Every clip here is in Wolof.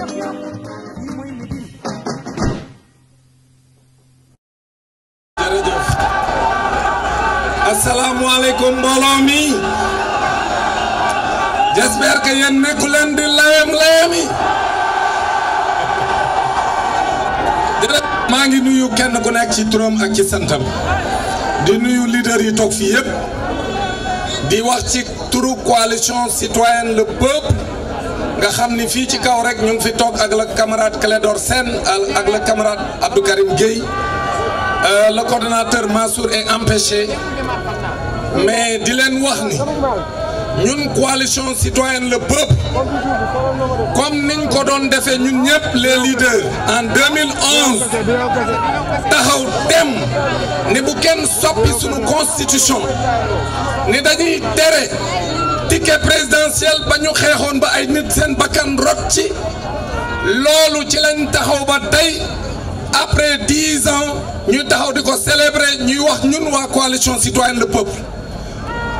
jërëjëf asalaamualeykum mbooloo mi j'espère que yéen nekku leen di layam layami maa ngi nuyu kenn ku nekk ci turam ak ci santam di nuyu leader yi toog fii yëpp di wax ci turu coalition citoyenne le peuple nga xam ni fii ci kaw rek ñu ngi fi toog ak le camarade Clédor Sène ak le camarade Abdou Karim Gueye euh, le coordonnateur Mansour est empêché mais di leen wax ni ñun coalition citoyenne le peuple comme niñ ko doon defee ñun ñëpp lee leaders en 2011 taxaw dem ni bu kenn soppi suñu constitution ni dañuy tere majorité présidentielle ba ñu xeexoon ba ay nit seen bakkan rot ci loolu ci lañ taxaw ba tey après dix ans ñu ñuy wax ñun waa coalition citoyenne le peuple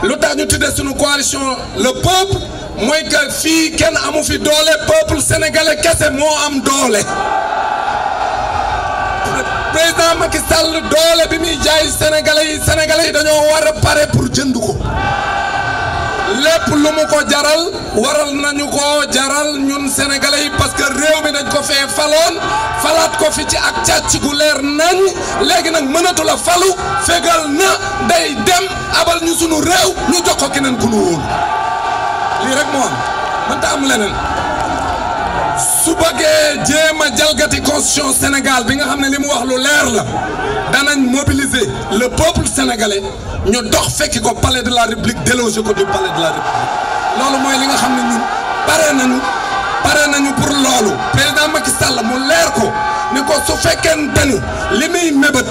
lu tax ñu tuddee suñu coalition le peuple mooy que fii kenn amu fi doole peuple sénégalais kese moo am doole président Macky Sall doole bi muy jaay sénégalais yi sénégalais yi dañoo war a pare pour jënd ko lépp lu mu ko jaral waral nañu ko jaral ñun sénégalais yi parce que réew mi dañ ko fee faloon falaat ko fi ci ak càcc gu leer nañ léegi nag mënatu la falu fegal na day dem abal ñu sunu réew ñu jox ko keneen ku nu wóolu lii rek mënta am leneen su bëggee jéem a jalgati constitution Sénégal bi nga xam ne li mu wax lu leer la danañ mobiliser le peuple sénégalais ñu dox fekki ko palais de la république déloger ko du palais de la république loolu mooy li nga xam ne ñun pare nañu pare nañu pour loolu président Macky Sall mu leer ko ni ko su fekkente ni li muy mébét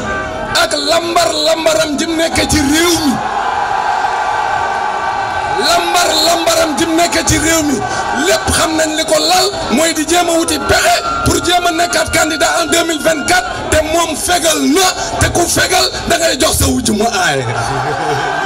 ak lambar lambaram jim nekkee ci réew mi lambar lambaram jim nekkee ci réew mi lépp xam nañ li ko lal mooy di jéem a wuti pexe pour jéem a nekkaat candidat en 2024 te moom fegal na te ku fegal da ngay jox sa wujj mu aaye